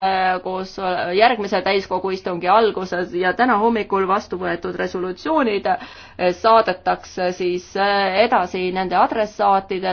Äh, koos äh, järgmise täiskogu istungi alguses ja täna hommikul vastu võetud resolutsioonid äh, saadetakse siis edasi nende adressaatidele.